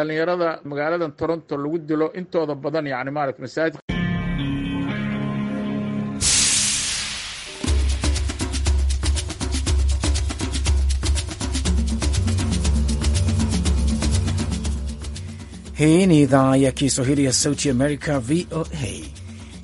dhalinyarada magaalada Toronto lagu dilo intooda badan yani maaragtay masaajid Hii ni idhaa ya Kiswahili ya Sauti Amerika, VOA,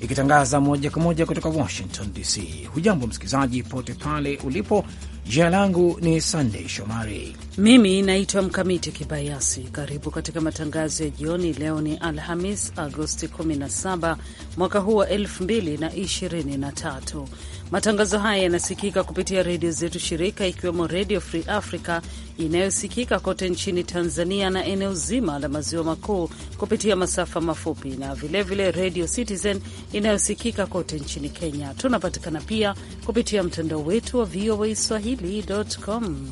ikitangaza moja kwa moja kutoka Washington DC. Hujambo msikilizaji pote pale ulipo Jina langu ni Sandey Shomari. Mimi naitwa Mkamiti Kibayasi. Karibu katika matangazo ya jioni. Leo ni Alhamis, Agosti 17 mwaka huu wa 2023. Matangazo haya yanasikika kupitia redio zetu shirika, ikiwemo Redio Free Africa inayosikika kote nchini Tanzania na eneo zima la maziwa makuu kupitia masafa mafupi na vilevile Redio Citizen inayosikika kote nchini Kenya. Tunapatikana pia kupitia mtandao wetu wa VOA swahili.com.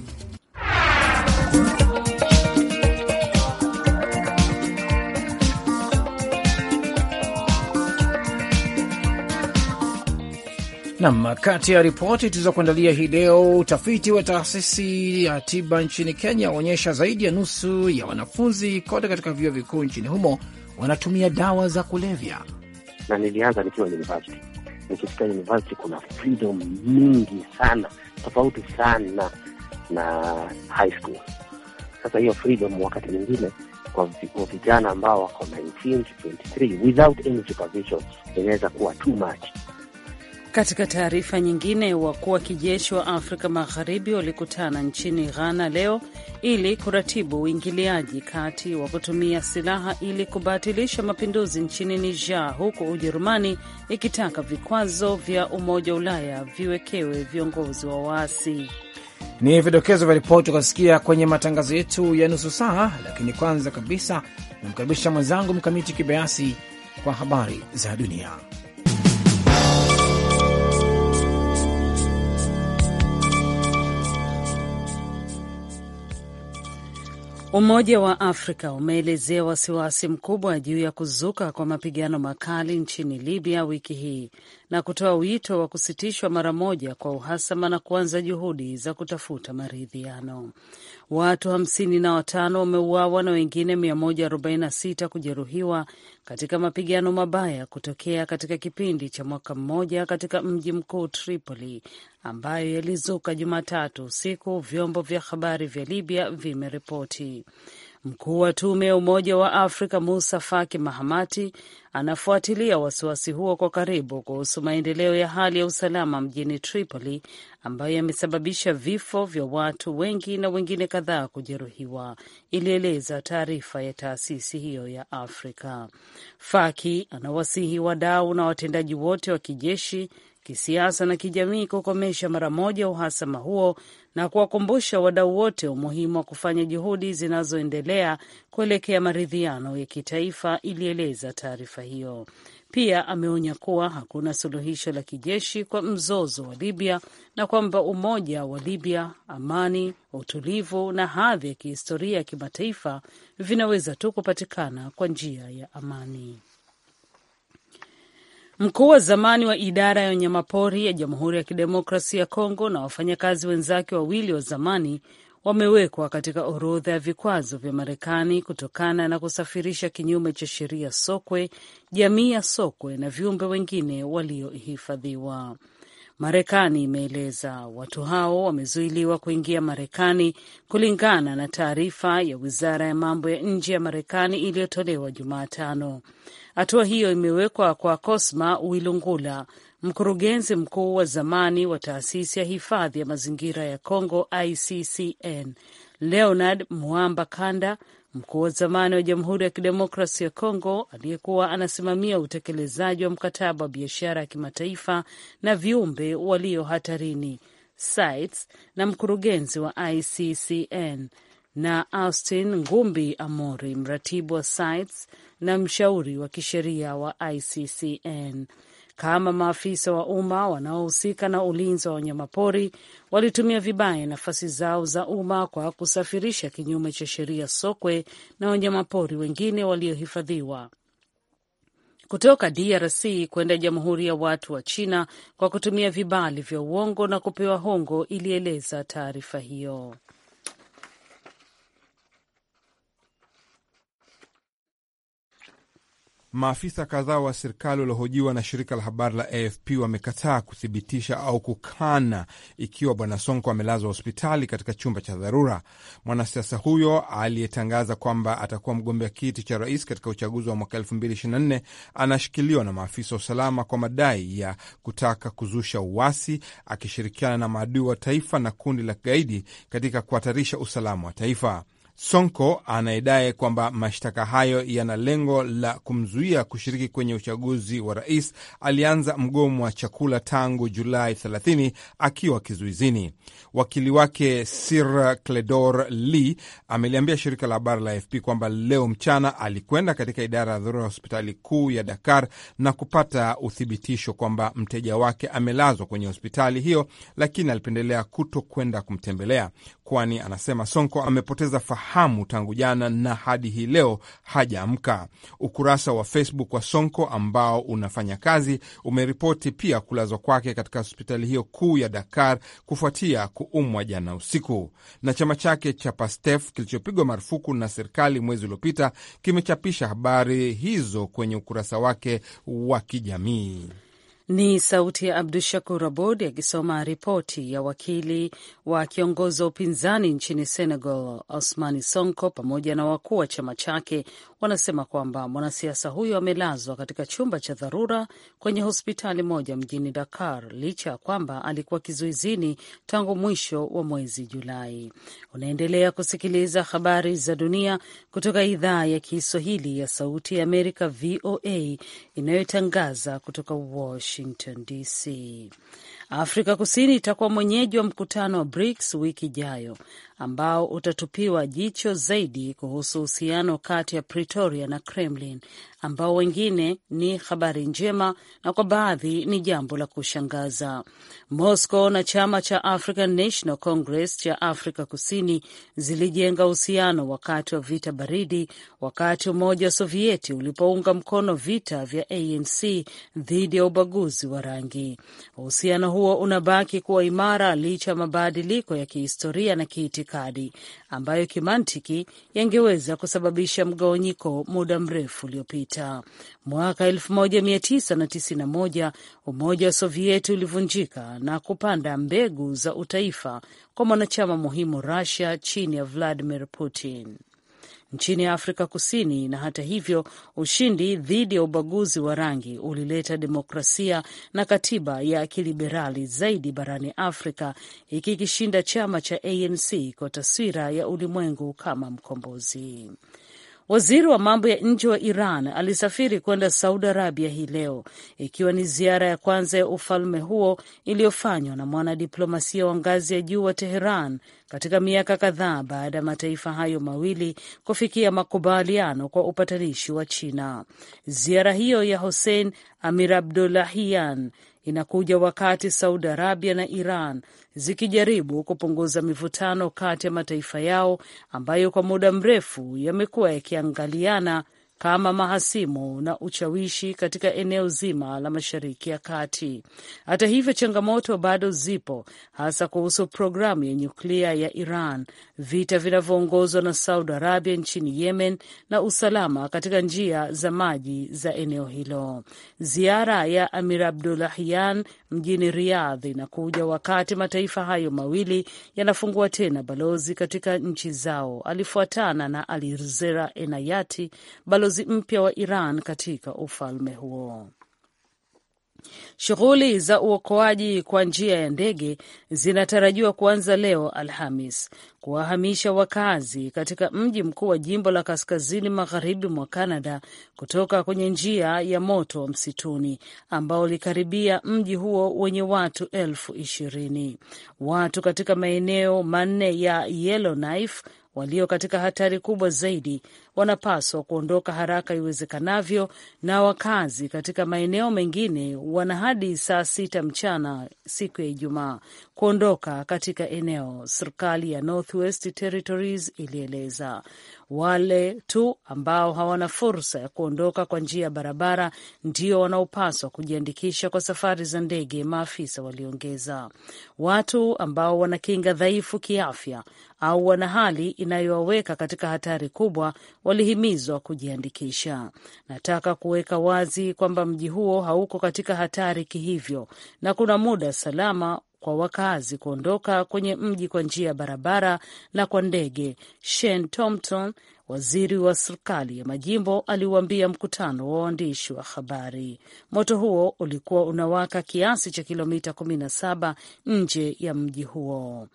Nam, kati ya ripoti tulizokuandalia hii leo, utafiti wa taasisi ya tiba nchini Kenya waonyesha zaidi ya nusu ya wanafunzi kote katika vyuo vikuu nchini humo wanatumia dawa za kulevya. Na nilianza nikiwa university, nikifika university kuna freedom nyingi sana, tofauti sana na high school. Sasa hiyo freedom wakati mwingine kwa vijana ambao wako 19 23 without any supervision inaweza kuwa too much. Katika taarifa nyingine, wakuu wa kijeshi wa Afrika Magharibi walikutana nchini Ghana leo ili kuratibu uingiliaji kati wa kutumia silaha ili kubatilisha mapinduzi nchini Niger, huku Ujerumani ikitaka vikwazo vya Umoja wa Ulaya viwekewe viongozi wa waasi. Ni vidokezo vya ripoti ukasikia kwenye matangazo yetu ya nusu saa, lakini kwanza kabisa namkaribisha mwenzangu Mkamiti Kibayasi kwa habari za dunia. Umoja wa Afrika umeelezea wasiwasi mkubwa juu ya kuzuka kwa mapigano makali nchini Libya wiki hii na kutoa wito wa kusitishwa mara moja kwa uhasama na kuanza juhudi za kutafuta maridhiano. Watu hamsini na watano wameuawa na wengine 146 kujeruhiwa katika mapigano mabaya kutokea katika kipindi cha mwaka mmoja katika mji mkuu Tripoli ambayo yalizuka Jumatatu usiku, vyombo vya habari vya Libya vimeripoti. Mkuu wa tume ya Umoja wa Afrika Musa Faki Mahamati anafuatilia wasiwasi huo kwa karibu kuhusu maendeleo ya hali ya usalama mjini Tripoli ambayo yamesababisha vifo vya watu wengi na wengine kadhaa kujeruhiwa, ilieleza taarifa ya taasisi hiyo ya Afrika. Faki anawasihi wadau na watendaji wote wa kijeshi kisiasa na kijamii kukomesha mara moja uhasama huo na kuwakumbusha wadau wote umuhimu wa kufanya juhudi zinazoendelea kuelekea maridhiano ya kitaifa, ilieleza taarifa hiyo. Pia ameonya kuwa hakuna suluhisho la kijeshi kwa mzozo wa Libya na kwamba umoja wa Libya, amani, utulivu na hadhi ya kihistoria ya kimataifa vinaweza tu kupatikana kwa njia ya amani. Mkuu wa zamani wa idara ya wanyamapori ya Jamhuri ya Kidemokrasia ya Kongo na wafanyakazi wenzake wawili wa zamani wamewekwa katika orodha ya vikwazo vya Marekani kutokana na kusafirisha kinyume cha sheria sokwe, jamii ya sokwe na viumbe wengine waliohifadhiwa. Marekani imeeleza watu hao wamezuiliwa kuingia Marekani kulingana na taarifa ya wizara ya mambo ya nje ya Marekani iliyotolewa Jumatano. Hatua hiyo imewekwa kwa Cosma Wilungula, mkurugenzi mkuu wa zamani wa taasisi ya hifadhi ya mazingira ya congo ICCN, Leonard Muamba Kanda, mkuu wa zamani wa Jamhuri ya Kidemokrasi ya congo aliyekuwa anasimamia utekelezaji wa mkataba wa biashara ya kimataifa na viumbe walio hatarini CITES na mkurugenzi wa ICCN na Austin Ngumbi Amori, mratibu wa sits na mshauri wa kisheria wa ICCN kama maafisa wa umma wanaohusika na ulinzi wa wanyamapori walitumia vibaya nafasi zao za umma kwa kusafirisha kinyume cha sheria sokwe na wanyamapori wengine waliohifadhiwa kutoka DRC kwenda Jamhuri ya Watu wa China kwa kutumia vibali vya uongo na kupewa hongo, ilieleza taarifa hiyo. Maafisa kadhaa wa serikali waliohojiwa na shirika la habari la AFP wamekataa kuthibitisha au kukana ikiwa bwana Sonko amelazwa hospitali katika chumba cha dharura. Mwanasiasa huyo aliyetangaza kwamba atakuwa mgombea kiti cha rais katika uchaguzi wa mwaka 2024 anashikiliwa na maafisa wa usalama kwa madai ya kutaka kuzusha uwasi akishirikiana na maadui wa taifa na kundi la kigaidi katika kuhatarisha usalama wa taifa. Sonko anayedai kwamba mashtaka hayo yana lengo la kumzuia kushiriki kwenye uchaguzi wa rais alianza mgomo wa chakula tangu Julai 30 akiwa kizuizini. Wakili wake Sir Cledor Lee ameliambia shirika la habari la AFP kwamba leo mchana alikwenda katika idara ya dharura ya hospitali kuu ya Dakar na kupata uthibitisho kwamba mteja wake amelazwa kwenye hospitali hiyo, lakini alipendelea kuto kwenda kumtembelea kwani anasema Sonko amepoteza fahamu tangu jana na hadi hii leo hajaamka. Ukurasa wa Facebook wa Sonko ambao unafanya kazi umeripoti pia kulazwa kwake katika hospitali hiyo kuu ya Dakar kufuatia kuumwa jana usiku. Na chama chake cha Pastef kilichopigwa marufuku na serikali mwezi uliopita kimechapisha habari hizo kwenye ukurasa wake wa kijamii. Ni sauti ya Abdu Shakur Abud akisoma ripoti ya wakili wa kiongozi wa upinzani nchini Senegal, Osmani Sonko, pamoja na wakuu wa chama chake wanasema kwamba mwanasiasa huyo amelazwa katika chumba cha dharura kwenye hospitali moja mjini Dakar licha ya kwamba alikuwa kizuizini tangu mwisho wa mwezi Julai. Unaendelea kusikiliza habari za dunia kutoka idhaa ya Kiswahili ya Sauti ya Amerika, VOA, inayotangaza kutoka Washington Washington DC. Afrika Kusini itakuwa mwenyeji wa mkutano wa BRICS wiki ijayo ambao utatupiwa jicho zaidi kuhusu uhusiano kati ya Pretoria na Kremlin, ambao wengine ni habari njema na kwa baadhi ni jambo la kushangaza. Moscow na chama cha African National Congress cha Afrika Kusini zilijenga uhusiano wakati wa vita baridi, wakati Umoja wa Sovieti ulipounga mkono vita vya ANC dhidi ya ubaguzi wa rangi. Uhusiano huo unabaki kuwa imara licha ya mabadiliko ya kihistoria na kiti serikali ambayo kimantiki yangeweza kusababisha mgawanyiko muda mrefu uliopita. Mwaka 1991 Umoja wa Sovieti ulivunjika na kupanda mbegu za utaifa kwa mwanachama muhimu Russia chini ya Vladimir Putin nchini Afrika Kusini, na hata hivyo ushindi dhidi ya ubaguzi wa rangi ulileta demokrasia na katiba ya kiliberali zaidi barani Afrika, ikikishinda chama cha ANC kwa taswira ya ulimwengu kama mkombozi. Waziri wa mambo ya nje wa Iran alisafiri kwenda Saudi Arabia hii leo, ikiwa ni ziara ya kwanza ya ufalme huo iliyofanywa na mwanadiplomasia wa ngazi ya juu wa Teheran katika miaka kadhaa baada ya mataifa hayo mawili kufikia makubaliano kwa upatanishi wa China. Ziara hiyo ya Hossein Amir Abdollahian inakuja wakati Saudi Arabia na Iran zikijaribu kupunguza mivutano kati ya mataifa yao ambayo kwa muda mrefu yamekuwa yakiangaliana kama mahasimu na ushawishi katika eneo zima la Mashariki ya Kati. Hata hivyo, changamoto bado zipo, hasa kuhusu programu ya nyuklia ya Iran, vita vinavyoongozwa na Saudi Arabia nchini Yemen na usalama katika njia za maji za eneo hilo. Ziara ya Amir Abdulahian mjini Riyadh inakuja wakati mataifa hayo mawili yanafungua tena balozi katika nchi zao. Alifuatana na Alizera Enayati balozi balozi mpya wa Iran katika ufalme huo. Shughuli za uokoaji kwa njia ya ndege zinatarajiwa kuanza leo Alhamis kuwahamisha wakazi katika mji mkuu wa jimbo la kaskazini magharibi mwa Canada kutoka kwenye njia ya moto wa msituni ambao ulikaribia mji huo wenye watu elfu ishirini. Watu katika maeneo manne ya Yellowknife walio katika hatari kubwa zaidi wanapaswa kuondoka haraka iwezekanavyo, na wakazi katika maeneo mengine wana hadi saa sita mchana siku ya Ijumaa kuondoka katika eneo. Serikali ya North Northwest Territories ilieleza wale tu ambao hawana fursa ya kuondoka kwa njia ya barabara ndio wanaopaswa kujiandikisha kwa safari za ndege, maafisa waliongeza. Watu ambao wana kinga dhaifu kiafya au wana hali inayowaweka katika hatari kubwa walihimizwa kujiandikisha. Nataka kuweka wazi kwamba mji huo hauko katika hatari kihivyo, na kuna muda salama kwa wakazi kuondoka kwenye mji kwa njia ya barabara na kwa ndege. Shane Thompson, waziri wa serikali ya majimbo, aliuambia mkutano wa waandishi wa habari moto huo ulikuwa unawaka kiasi cha kilomita 17 nje ya mji huo.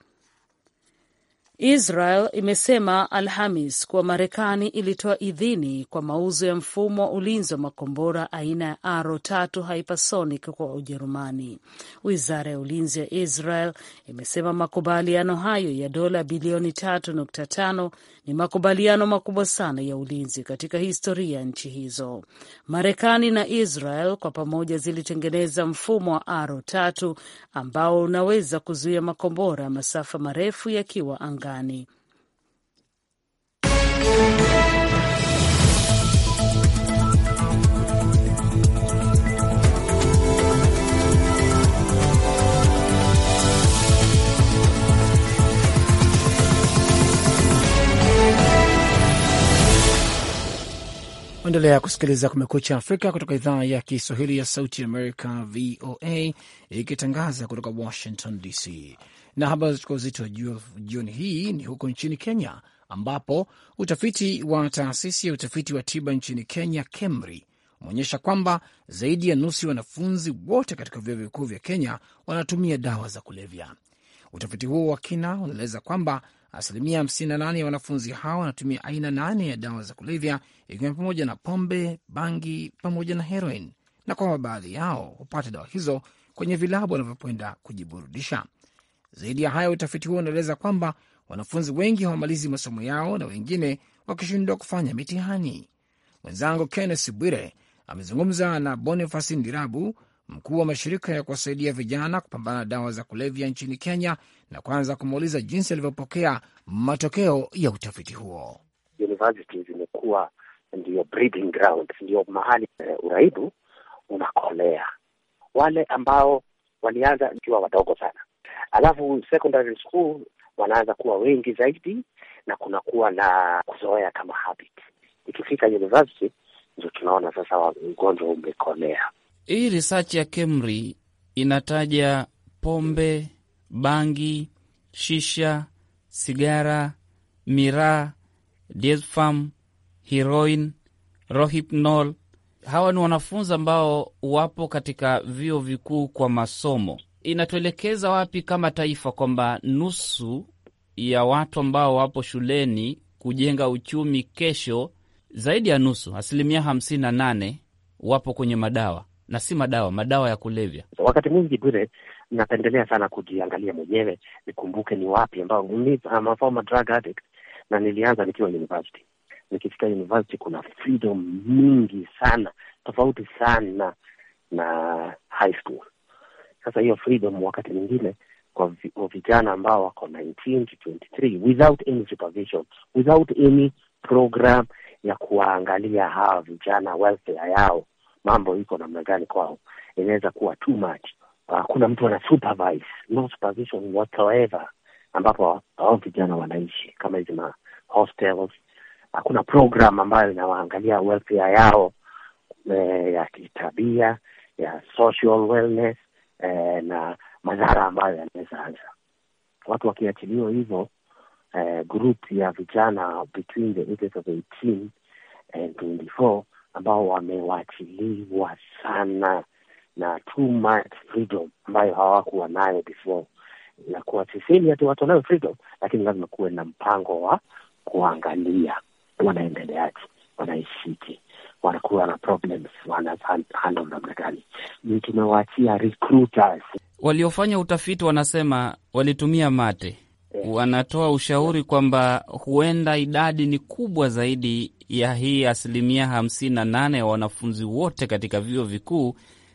Israel imesema Alhamis kuwa Marekani ilitoa idhini kwa mauzo ya mfumo wa ulinzi wa makombora aina ya Aro tatu hypersonic kwa Ujerumani. Wizara ya ulinzi ya Israel imesema makubaliano hayo ya dola bilioni 35 ni makubaliano makubwa sana ya ulinzi katika historia ya nchi hizo. Marekani na Israel kwa pamoja zilitengeneza mfumo wa Aro tatu ambao unaweza kuzuia makombora ya masafa marefu yakiwa anga Marekani. Endelea kusikiliza Kumekucha Afrika kutoka idhaa ya Kiswahili ya Sauti ya Amerika, VOA, ikitangaza kutoka Washington DC. Na habari zilizochukua uzito wa jioni hii ni huko nchini Kenya, ambapo utafiti wa taasisi ya utafiti wa tiba nchini Kenya, KEMRI, umeonyesha kwamba zaidi ya nusu ya wanafunzi wote katika vyuo vikuu vya Kenya wanatumia dawa za kulevya. Utafiti huo wa kina unaeleza kwamba asilimia 58 ya wanafunzi hao wanatumia aina nane ya dawa za kulevya, ikiwa pamoja na pombe, bangi pamoja na heroin, na kwamba baadhi yao hupata dawa hizo kwenye vilabu wanavyokwenda kujiburudisha. Zaidi ya hayo, utafiti huo unaeleza kwamba wanafunzi wengi hawamalizi masomo yao na wengine wakishindwa kufanya mitihani. Mwenzangu Kenneth Bwire amezungumza na Bonifasi Ndirabu, mkuu wa mashirika ya kuwasaidia vijana kupambana na dawa za kulevya nchini Kenya, na kwanza kumuuliza jinsi alivyopokea matokeo ya utafiti huo. University zimekuwa ndio breeding ground, ndio mahali eh, uraibu unakolea. Wale ambao walianza ikiwa wadogo sana alafu secondary school wanaanza kuwa wengi zaidi na kunakuwa na kuzoea kama habit. Ikifika university ndio tunaona sasa ugonjwa umekolea. Hii research ya KEMRI inataja pombe, bangi, shisha, sigara, miraa, diazepam, heroin, rohypnol. Hawa ni wanafunzi ambao wapo katika vyuo vikuu kwa masomo inatuelekeza wapi kama taifa kwamba nusu ya watu ambao wapo shuleni kujenga uchumi kesho, zaidi ya nusu, asilimia hamsini na nane wapo kwenye madawa na si madawa, madawa ya kulevya. Wakati mwingi bure, napendelea sana kujiangalia mwenyewe, nikumbuke ni wapi ambao I'm a former drug addict, na nilianza nikiwa university. Nikifika university, kuna freedom mingi sana tofauti sana na high school. Sasa hiyo freedom wakati mwingine kwa vijana ambao wako 19 to 23 without any supervision, without any program ya kuwaangalia hawa vijana welfare yao mambo iko namna gani kwao, inaweza kuwa too much. Uh, ah, kuna mtu ana supervise, no supervision whatsoever, ambapo hao vijana wanaishi kama hizi ma hostels. Hakuna program ambayo inawaangalia welfare yao eh, ya kitabia ya social wellness eh, na madhara ambayo yanaweza anza watu wakiachiliwa hivyo. Eh, group ya vijana between the ages of 18 and 24 ambao wamewachiliwa sana na too much freedom ambayo hawakuwa nayo before, na kuwa sisemi ati watu wanayo freedom, lakini lazima kuwe na mpango wa kuangalia wanaendeleaji wanaishiki wanakuwa na problems wanahandle namna gani. Ni tumewaachia recruiters. Waliofanya utafiti wanasema walitumia mate eh. wanatoa ushauri kwamba huenda idadi ni kubwa zaidi ya hii asilimia hamsini na nane ya wanafunzi wote katika vyuo vikuu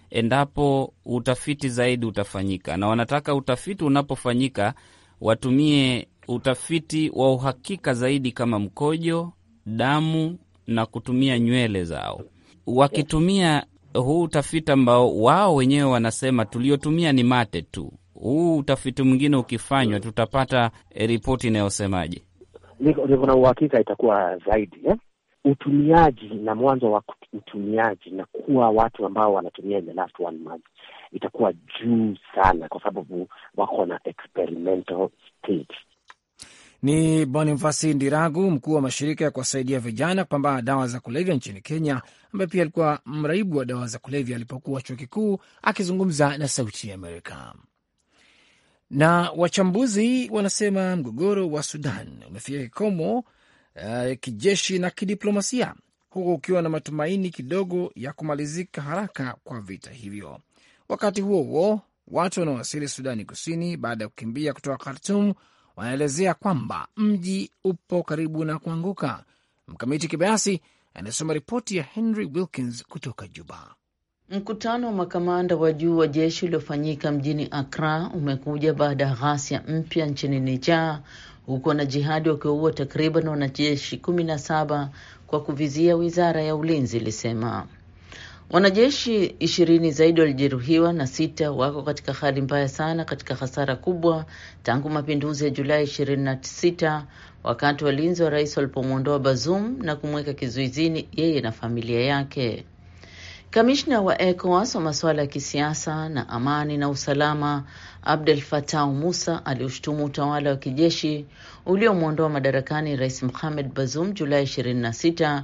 endapo utafiti zaidi utafanyika, na wanataka utafiti unapofanyika watumie utafiti wa uhakika zaidi kama mkojo, damu na kutumia nywele zao, wakitumia huu utafiti ambao wao wenyewe wanasema tuliotumia ni mate tu. Huu utafiti mwingine ukifanywa, tutapata eh, ripoti inayosemaje? Niko na uhakika itakuwa zaidi eh? Utumiaji na mwanzo wa utumiaji na kuwa watu ambao wanatumia in the last one month itakuwa juu sana, kwa sababu wako na experimental stage ni Bonifasi Ndiragu, mkuu wa mashirika ya kuwasaidia vijana kupambana na dawa za kulevya nchini Kenya, ambaye pia alikuwa mraibu wa dawa za kulevya alipokuwa chuo kikuu, akizungumza na Sauti ya Amerika. Na wachambuzi wanasema mgogoro wa Sudan umefika kikomo, uh, kijeshi na kidiplomasia, huku ukiwa na matumaini kidogo ya kumalizika haraka kwa vita hivyo. Wakati huo huo, watu wanaowasili Sudani Kusini baada ya kukimbia kutoka Khartum wanaelezea kwamba mji upo karibu na kuanguka. Mkamiti Kibayasi anasoma ripoti ya Henry Wilkins kutoka Juba. Mkutano wa makamanda wa juu wa jeshi uliofanyika mjini akra umekuja baada ya ghasia mpya nchini nijaa huku wanajihadi wakiwaua takriban wanajeshi kumi na saba kwa kuvizia, wizara ya ulinzi ilisema. Wanajeshi ishirini zaidi walijeruhiwa na sita wako katika hali mbaya sana, katika hasara kubwa tangu mapinduzi ya Julai 26 wakati walinzi wa rais walipomwondoa Bazoum na kumweka kizuizini yeye na familia yake. Kamishna wa ECOWAS wa masuala ya kisiasa na amani na usalama Abdel Fattah Musa aliushutumu utawala wa kijeshi uliomwondoa madarakani rais Mohamed Bazoum Julai 26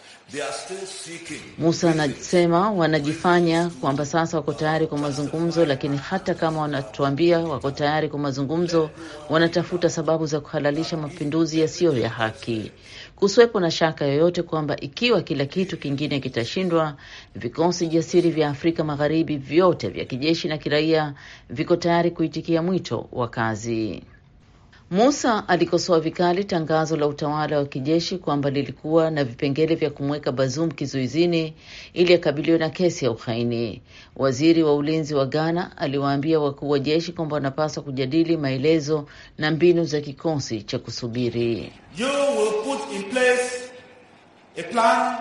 Musa anasema wanajifanya kwamba sasa wako tayari kwa mazungumzo, lakini hata kama wanatuambia wako tayari kwa mazungumzo, wanatafuta sababu za kuhalalisha mapinduzi yasiyo ya haki. Kusiwepo na shaka yoyote kwamba ikiwa kila kitu kingine kitashindwa, vikosi jasiri vya Afrika Magharibi vyote vya kijeshi na kiraia viko tayari kuitikia mwito wa kazi. Musa alikosoa vikali tangazo la utawala wa kijeshi kwamba lilikuwa na vipengele vya kumweka Bazoum kizuizini ili akabiliwe na kesi ya uhaini. Waziri wa ulinzi wa Ghana aliwaambia wakuu wa jeshi kwamba wanapaswa kujadili maelezo na mbinu za kikosi cha kusubiri. You will put in place a plan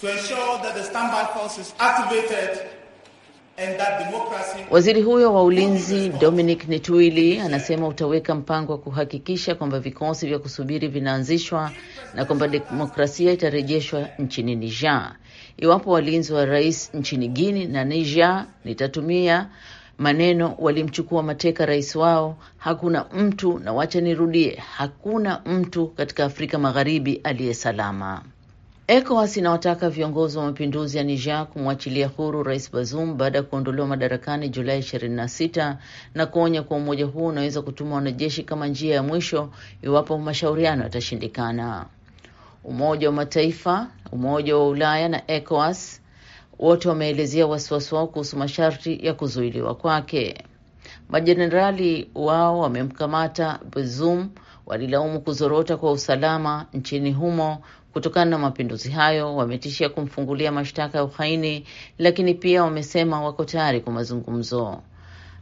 to ensure that the standby force is activated Waziri huyo wa ulinzi Dominic Nituili anasema utaweka mpango wa kuhakikisha kwamba vikosi vya kusubiri vinaanzishwa na kwamba demokrasia itarejeshwa nchini Niger iwapo walinzi wa rais nchini Guini na Niger nitatumia maneno walimchukua mateka rais wao. Hakuna mtu, na wacha nirudie, hakuna mtu katika Afrika Magharibi aliye salama. ECOWAS inawataka viongozi wa mapinduzi ya Niger kumwachilia huru Rais Bazoum baada ya kuondolewa madarakani Julai 26 na kuonya kuwa umoja huo unaweza kutuma wanajeshi kama njia ya mwisho iwapo mashauriano yatashindikana. Umoja wa Mataifa, Umoja wa Ulaya na ECOWAS wote wameelezea wasiwasi wao kuhusu masharti ya kuzuiliwa kwake. Majenerali wao wamemkamata Bazoum walilaumu kuzorota kwa usalama nchini humo Kutokana na mapinduzi hayo, wametishia kumfungulia mashtaka ya uhaini, lakini pia wamesema wako tayari kwa mazungumzo.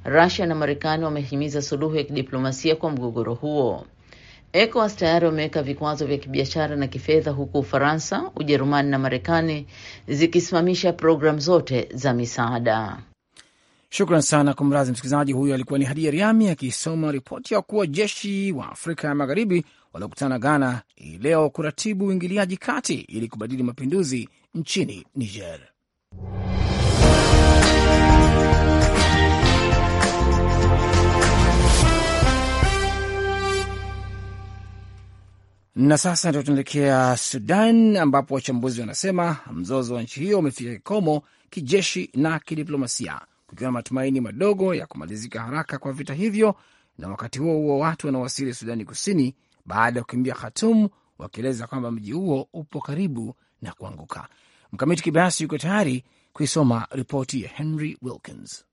Rusia na Marekani wamehimiza suluhu ya kidiplomasia kwa mgogoro huo. ECOWAS tayari wameweka vikwazo vya kibiashara na kifedha, huku Ufaransa, Ujerumani na Marekani zikisimamisha programu zote za misaada. Shukran sana kwa mrazi msikilizaji. Huyo alikuwa ni Hadia Riami akisoma ripoti ya kuwa jeshi wa Afrika ya Magharibi waliokutana Ghana hii leo kuratibu uingiliaji kati ili kubadili mapinduzi nchini Niger. Na sasa ndio tunaelekea Sudan, ambapo wachambuzi wanasema mzozo wa nchi hiyo umefika kikomo kijeshi na kidiplomasia, kukiwa na matumaini madogo ya kumalizika haraka kwa vita hivyo, na wakati huo huo watu wanaowasili Sudani Kusini baada ya kukimbia Khatum, wakieleza kwamba mji huo upo karibu na kuanguka. Mkamiti Kibayasi yuko tayari kuisoma ripoti ya Henry Wilkins.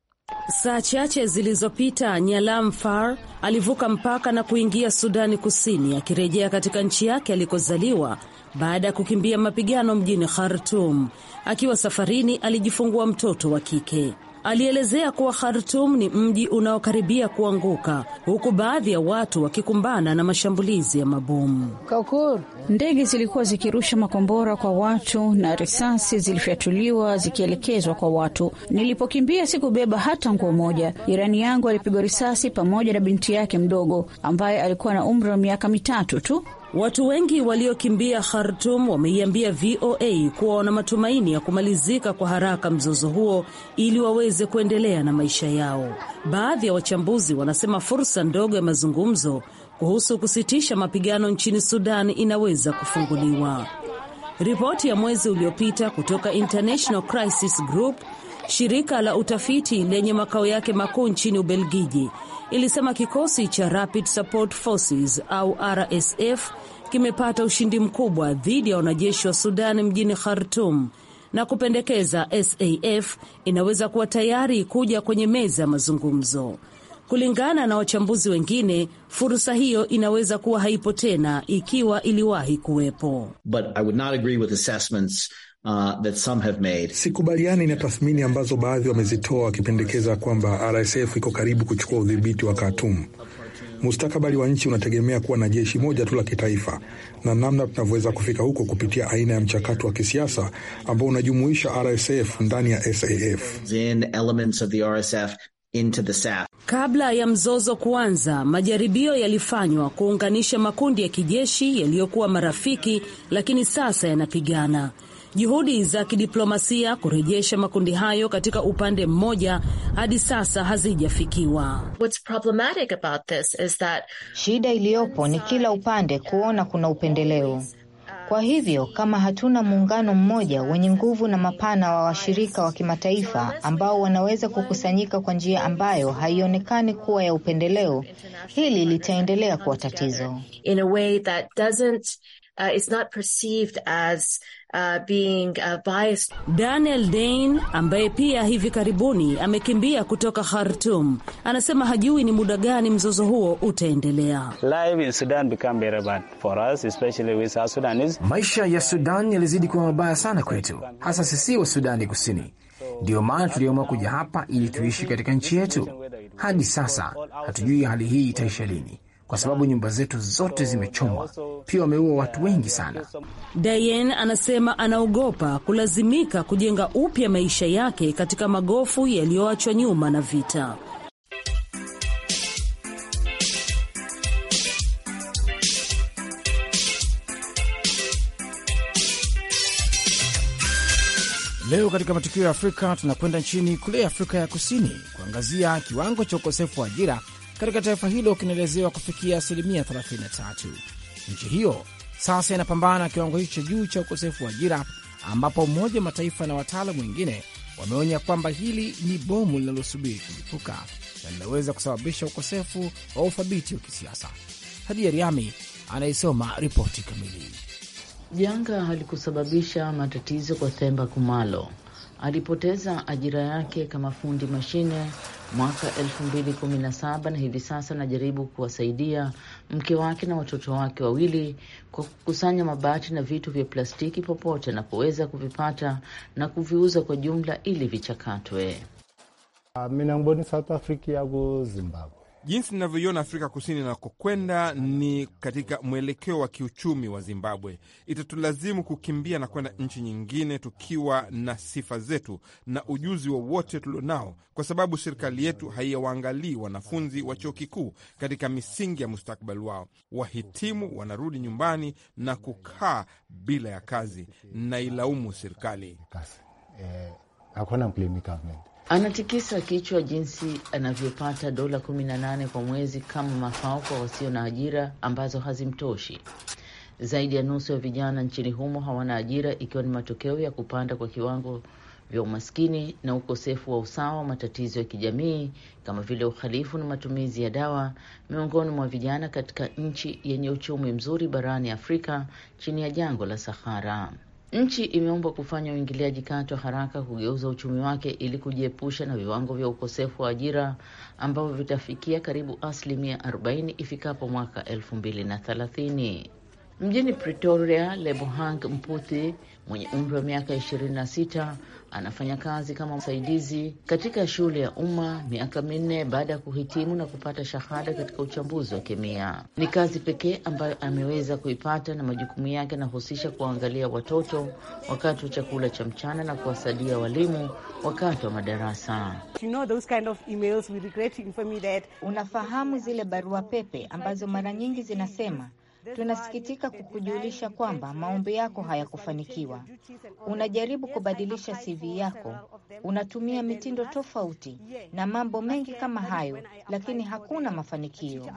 Saa chache zilizopita Nyalam Far alivuka mpaka na kuingia Sudani Kusini akirejea katika nchi yake alikozaliwa baada ya kukimbia mapigano mjini Khartum. Akiwa safarini, alijifungua mtoto wa kike alielezea kuwa Khartum ni mji unaokaribia kuanguka huku baadhi ya watu wakikumbana na mashambulizi ya mabomu. Ndege zilikuwa zikirusha makombora kwa watu na risasi zilifyatuliwa zikielekezwa kwa watu. Nilipokimbia sikubeba hata nguo moja. Jirani yangu alipigwa risasi pamoja na binti yake mdogo ambaye alikuwa na umri wa miaka mitatu tu. Watu wengi waliokimbia Khartum wameiambia VOA kuwa wana matumaini ya kumalizika kwa haraka mzozo huo ili waweze kuendelea na maisha yao. Baadhi ya wachambuzi wanasema fursa ndogo ya mazungumzo kuhusu kusitisha mapigano nchini Sudan inaweza kufunguliwa. Ripoti ya mwezi uliopita kutoka International Crisis Group Shirika la utafiti lenye makao yake makuu nchini Ubelgiji ilisema kikosi cha Rapid Support Forces au RSF kimepata ushindi mkubwa dhidi ya wanajeshi wa Sudan mjini Khartum na kupendekeza SAF inaweza kuwa tayari kuja kwenye meza ya mazungumzo. Kulingana na wachambuzi wengine, fursa hiyo inaweza kuwa haipo tena ikiwa iliwahi kuwepo. But I would not agree with assessments Uh, that some have made. Sikubaliani na tathmini ambazo baadhi wamezitoa wakipendekeza kwamba RSF iko karibu kuchukua udhibiti wa Khartoum. Mustakabali wa nchi unategemea kuwa na jeshi moja tu la kitaifa na namna tunavyoweza kufika huko kupitia aina ya mchakato wa kisiasa ambao unajumuisha RSF ndani ya SAF. Kabla ya mzozo kuanza, majaribio yalifanywa kuunganisha makundi ya kijeshi yaliyokuwa marafiki, lakini sasa yanapigana. Juhudi za kidiplomasia kurejesha makundi hayo katika upande mmoja hadi sasa hazijafikiwa. Shida iliyopo ni kila upande kuona kuna upendeleo. Kwa hivyo kama hatuna muungano mmoja wenye nguvu na mapana wa washirika wa kimataifa ambao wanaweza kukusanyika kwa njia ambayo haionekani kuwa ya upendeleo, hili litaendelea kuwa tatizo. Uh, being, uh, biased. Daniel Dane ambaye pia hivi karibuni amekimbia kutoka Khartoum anasema hajui ni muda gani mzozo huo utaendelea. Maisha ya Sudan yalizidi kuwa mabaya sana kwetu, hasa sisi wa Sudani Kusini. Ndiyo maana tuliamua kuja hapa ili tuishi katika nchi yetu. Hadi sasa hatujui hali hii itaisha lini kwa sababu nyumba zetu zote zimechomwa. Pia wameua watu wengi sana. Dayen anasema anaogopa kulazimika kujenga upya maisha yake katika magofu yaliyoachwa nyuma na vita. Leo katika matukio ya Afrika tunakwenda nchini kule Afrika ya Kusini kuangazia kiwango cha ukosefu wa ajira katika taifa hilo kinaelezewa kufikia asilimia 33. Nchi hiyo sasa inapambana na kiwango hicho cha juu cha ukosefu wa ajira, ambapo Umoja wa Mataifa na wataalamu wengine wameonya kwamba hili ni bomu linalosubiri kulipuka na linaweza kusababisha ukosefu wa uthabiti wa kisiasa. Hadia Riami anaisoma ripoti kamili. Janga halikusababisha matatizo kwa Themba Kumalo, Alipoteza ajira yake kama fundi mashine mwaka 2017 na hivi sasa anajaribu kuwasaidia mke wake na watoto wake wawili kwa kukusanya mabati na vitu vya plastiki popote anapoweza kuvipata na kuviuza kwa jumla ili vichakatwe. Ah, mina South Africa yagu Zimbabwe Jinsi ninavyoiona Afrika Kusini inakokwenda ni katika mwelekeo wa kiuchumi wa Zimbabwe, itatulazimu kukimbia na kwenda nchi nyingine tukiwa na sifa zetu na ujuzi wowote tulionao, kwa sababu serikali yetu haiyawaangalii wanafunzi wa chuo kikuu katika misingi ya mustakbali wao. Wahitimu wanarudi nyumbani na kukaa bila ya kazi, na ilaumu serikali. Eh, anatikisa kichwa jinsi anavyopata dola 18 kwa mwezi kama mafao kwa wasio na ajira ambazo hazimtoshi. Zaidi ya nusu ya vijana nchini humo hawana ajira, ikiwa ni matokeo ya kupanda kwa kiwango vya umaskini na ukosefu wa usawa, matatizo ya kijamii kama vile uhalifu na matumizi ya dawa miongoni mwa vijana katika nchi yenye uchumi mzuri barani Afrika chini ya jangwa la Sahara. Nchi imeombwa kufanya uingiliaji kati wa haraka kugeuza uchumi wake ili kujiepusha na viwango vya ukosefu wa ajira ambavyo vitafikia karibu asilimia 40 ifikapo mwaka 2030. Mjini Pretoria, Lebohang Mputhi mwenye umri wa miaka 26 Anafanya kazi kama msaidizi katika shule ya umma miaka minne baada ya kuhitimu na kupata shahada katika uchambuzi wa kemia. Ni kazi pekee ambayo ameweza kuipata, na majukumu yake yanahusisha kuwaangalia watoto wakati wa chakula cha mchana na kuwasaidia walimu wakati wa madarasa. You know those kind of emails we regret that... unafahamu zile barua pepe ambazo mara nyingi zinasema Tunasikitika kukujulisha kwamba maombi yako hayakufanikiwa. Unajaribu kubadilisha CV yako, unatumia mitindo tofauti na mambo mengi kama hayo, lakini hakuna mafanikio.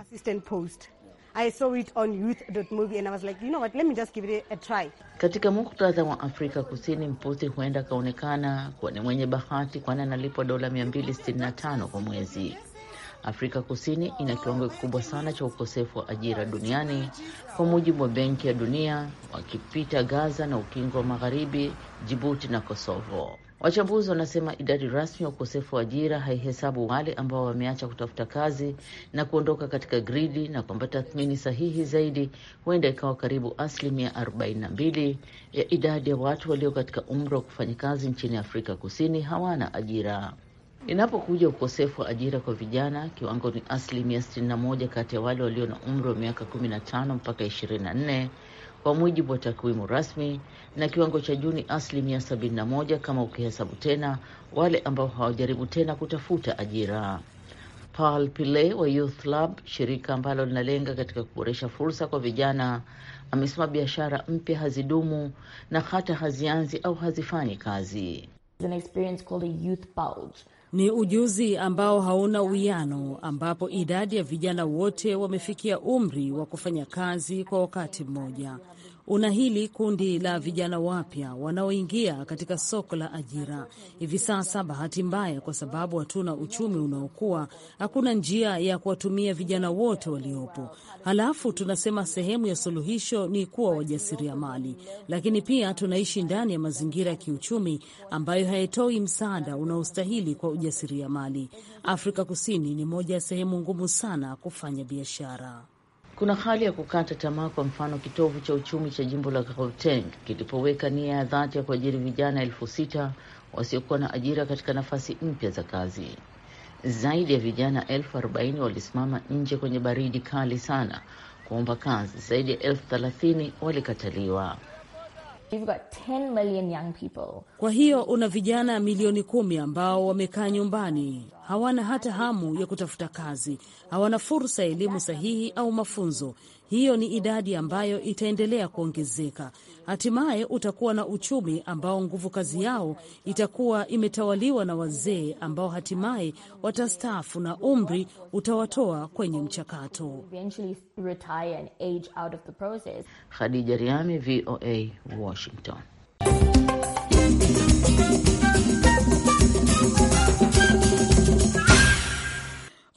Katika muktadha wa Afrika Kusini, Mpuzi huenda akaonekana kuwa ni mwenye bahati, kwani analipwa dola 265 kwa mwezi. Afrika Kusini ina kiwango kikubwa sana cha ukosefu wa ajira duniani kwa mujibu wa Benki ya Dunia, wakipita Gaza na Ukingo wa Magharibi, Jibuti na Kosovo. Wachambuzi wanasema idadi rasmi ya ukosefu wa ajira haihesabu wale ambao wameacha kutafuta kazi na kuondoka katika gridi, na kwamba tathmini sahihi zaidi huenda ikawa karibu asilimia 42 ya idadi ya watu walio katika umri wa kufanya kazi nchini Afrika Kusini hawana ajira. Inapokuja ukosefu wa ajira kwa vijana, kiwango ni asilimia 61 kati ya wale walio na umri wa miaka 15 mpaka 24 kwa mujibu wa takwimu rasmi, na kiwango cha juu ni asilimia 71 kama ukihesabu tena wale ambao hawajaribu tena kutafuta ajira. Paul pile wa Youth Lab, shirika ambalo linalenga katika kuboresha fursa kwa vijana, amesema biashara mpya hazidumu na hata hazianzi au hazifanyi kazi. An experience called a youth bulge ni ujuzi ambao hauna uwiano, ambapo idadi ya vijana wote wamefikia umri wa kufanya kazi kwa wakati mmoja una hili kundi la vijana wapya wanaoingia katika soko la ajira hivi sasa. Bahati mbaya, kwa sababu hatuna uchumi unaokuwa, hakuna njia ya kuwatumia vijana wote waliopo. Halafu tunasema sehemu ya suluhisho ni kuwa wajasiriamali, lakini pia tunaishi ndani ya mazingira ya kiuchumi ambayo hayatoi msaada unaostahili kwa ujasiriamali. Afrika Kusini ni moja ya sehemu ngumu sana kufanya biashara. Kuna hali ya kukata tamaa. Kwa mfano, kitovu cha uchumi cha jimbo la Gauteng kilipoweka nia ya dhati ya kuajiri vijana elfu sita wasiokuwa na ajira katika nafasi mpya za kazi. Zaidi ya vijana elfu arobaini walisimama nje kwenye baridi kali sana kuomba kazi, zaidi ya elfu thelathini walikataliwa. You've got 10 million young people. Kwa hiyo una vijana milioni kumi ambao wamekaa nyumbani, hawana hata hamu ya kutafuta kazi, hawana fursa ya elimu sahihi au mafunzo. Hiyo ni idadi ambayo itaendelea kuongezeka. Hatimaye utakuwa na uchumi ambao nguvu kazi yao itakuwa imetawaliwa na wazee ambao hatimaye watastaafu na umri utawatoa kwenye mchakato. Khadija Riami, VOA, Washington.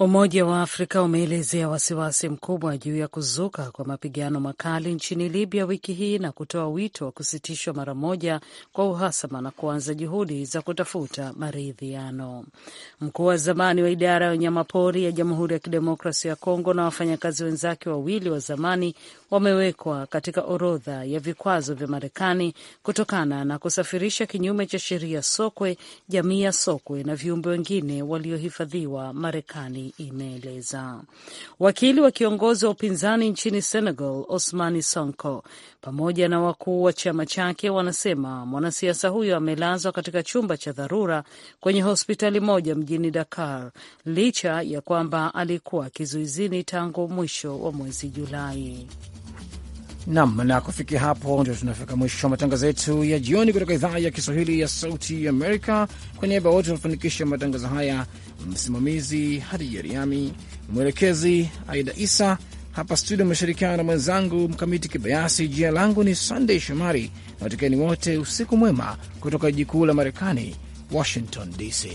Umoja wa Afrika umeelezea wasiwasi mkubwa juu ya kuzuka kwa mapigano makali nchini Libya wiki hii na kutoa wito wa kusitishwa mara moja kwa uhasama na kuanza juhudi za kutafuta maridhiano. Mkuu wa zamani wa idara ya wanyamapori ya Jamhuri ya Kidemokrasia ya Kongo na wafanyakazi wenzake wawili wa zamani wamewekwa katika orodha ya vikwazo vya Marekani kutokana na kusafirisha kinyume cha sheria sokwe, jamii ya sokwe na viumbe wengine waliohifadhiwa, Marekani imeeleza. Wakili wa kiongozi wa upinzani nchini Senegal, Osmani Sonko, pamoja na wakuu wa chama chake wanasema mwanasiasa huyo amelazwa katika chumba cha dharura kwenye hospitali moja mjini Dakar licha ya kwamba alikuwa kizuizini tangu mwisho wa mwezi Julai. Nam, na kufikia hapo ndio tunafika mwisho wa matangazo yetu ya jioni kutoka idhaa ya Kiswahili ya Sauti Amerika. Kwa niaba ya wote wanafanikisha matangazo haya, msimamizi hadi jeriami mwelekezi Aida Isa. Hapa studio umeshirikiana na mwenzangu Mkamiti Kibayasi. Jina langu ni Sandey Shomari na watekeni wote, usiku mwema kutoka jiji kuu la Marekani, Washington DC.